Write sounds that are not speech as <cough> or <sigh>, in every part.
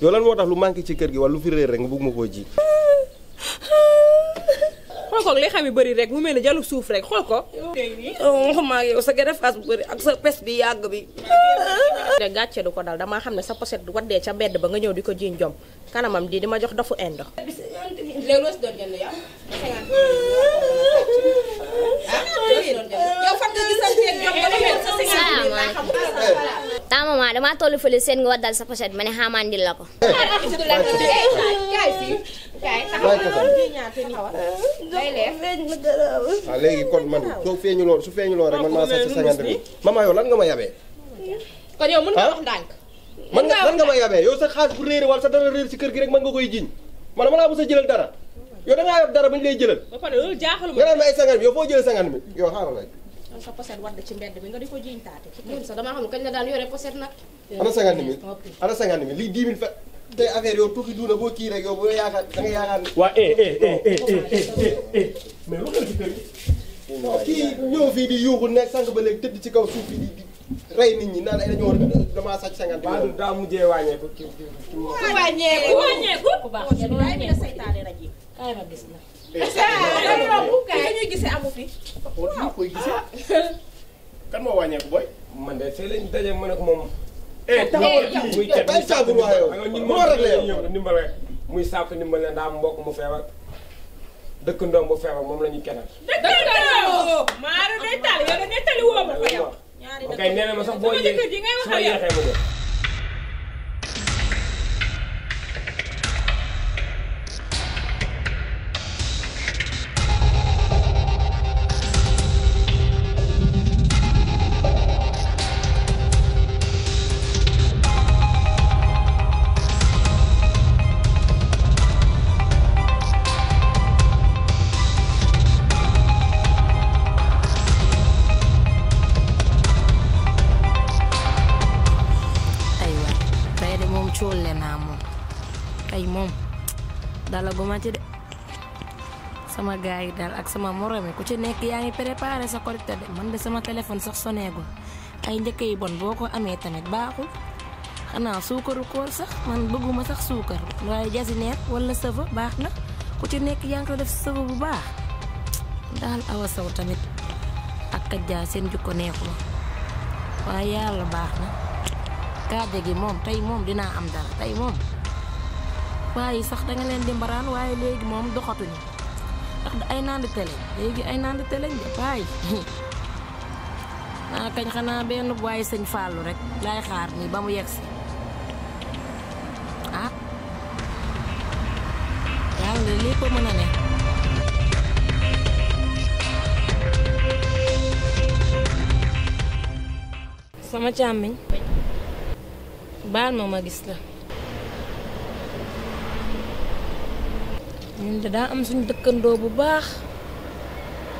yow lan moo tax lu manqué ci kër gi wala lu fi réer rek nga bëgg ma koo ji. xool ko li xam yi bari rek mu mel ne jalu suuf rek xool ko. waxuma oh, ak yow sa gën a faas bu bëri ak sa pes bi yàgg bi. ne gàcce du ko dal damaa xam ne sa poset waddee ca mbedd ba nga ñëw di ko jiiñ jom kanamam di di ma jox dafu indo. damaa tollu fële seen nga waddal sa pochette ma ne xaamaandil la ko. waaw eh. ah, léegi kon man soo feeñuloon su feeñuloon rek man maa sax sa cinquante mille maman yow lan nga ma yabee. kon yow mën nga wax ndànk. mën nga lan nga ma yabee yow sa xaalis bu réeré wala sa dara réer si kër gi rek mën nga koy jiñ man ma laa mos a jëlal dara yow da ngaa dara ba ñu lay jëlal. ba pare loolu jaaxaluma. nga naan ma ay cinquante mille yow foo jëlee cinquante mille yow xaaral rek man sa poset wadd ci mbedd mi nga di ko jiñ taate. man sax damaa xam kañ la daan yore poset nag. affaire yow tukki duuna boo kii nga yaakaar. waa eh eh eh, eh eh eh eh eh mais lu xel ci kër gi. kii ñëw fii di yuuxu nekk sànq ba léegi tëdd ci kaw suuf bi di rey nit ñi naan ay dañoo war damaa sàcc cinquante mille. waaw daa mujjee wàññeeku. wàññeeku wàññeeku. bu baax bu baax bu baax bu baax bu baax bu baax Euh, koy gisee. <laughs> kan moo wàññeeku booy. man de see lañ daje ma ne ko moom. eh, eh taxawal kii eh, muy cat muy saabu muy saabu ndimbal la daa mbokk mu feebar. dëkk ndoom bu feebar moom la ñuy kenal. dëkk ndoom maa ngi lay tali yow da ngay tali woo ma ko yow. ñaari dëkk ok nee na ma sax boo yéexee ma naa moom tey moom ma ci de sama gars yi daal ak sama moromi ku ci nekk yaa ngi préparé sa korite de man de sama téléphone sax soneegul ay njëkk yu bon boo ko amee tamit baaxul xanaa suukaru koor sax man bëgguma sax suukar waaye jasineer wala sëfa baax na ku ci nekk yaa ngi ko def sëfa bu baax daal awa tamit ak kajjaa seen jukko neexuma waaye yàlla baax na garde gi moom tey moom am dara tay mom waye sax da nga len di mbaran waye léegi mom doxatuñu ndax ay nande tele léegi ay nande tele de waaye na <laughs> ah, kañ xana benn waaye señ fallu rek lay xaar ni ba mu yegg ah yàlla lii ko mën sama càmmiñ baal ma ma gis la ñun de daa am suñu dëkkandoo bu baax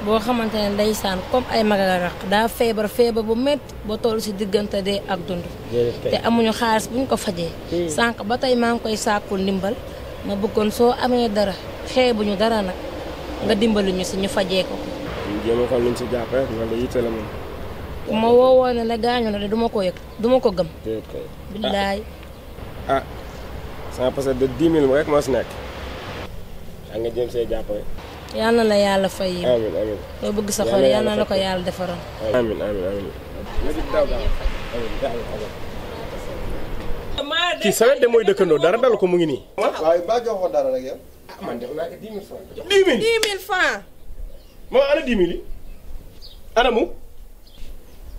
boo xamante ne ndeysaan comme ay mag raq daa feebar feebar bu métti ba toll ci diggante dee ak dund te amuñu xaalis buñ ko fajee sànq ba tey maa ngi koy sàkkul ndimbal ma bëggoon soo amee dara xeebuñu dara nag nga dimbali ñu si ñu fajee ko jéem bu ma woowoo ne gaañu na de du ko yëg du ko gëm. déedéet ah sans parce que de dix mille rek moo si nekk. yaa nga jëm see jàppale. yal na la yàlla fay yi. amiin bëgg sa xol yal na ko yàlla defaral. amiin amiin amiin. kii saret de mooy dëkkandoo dara dal ko mu ngi nii. Ah, yi. ana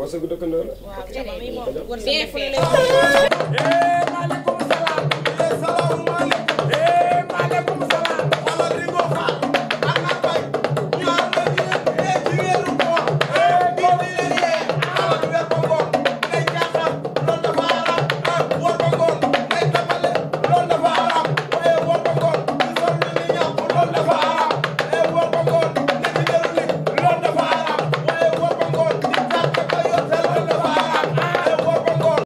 wërsëgu dëkkandoo la. waaw